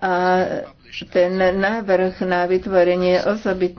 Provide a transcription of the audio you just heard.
a ten návrh na vytvorenie osobitného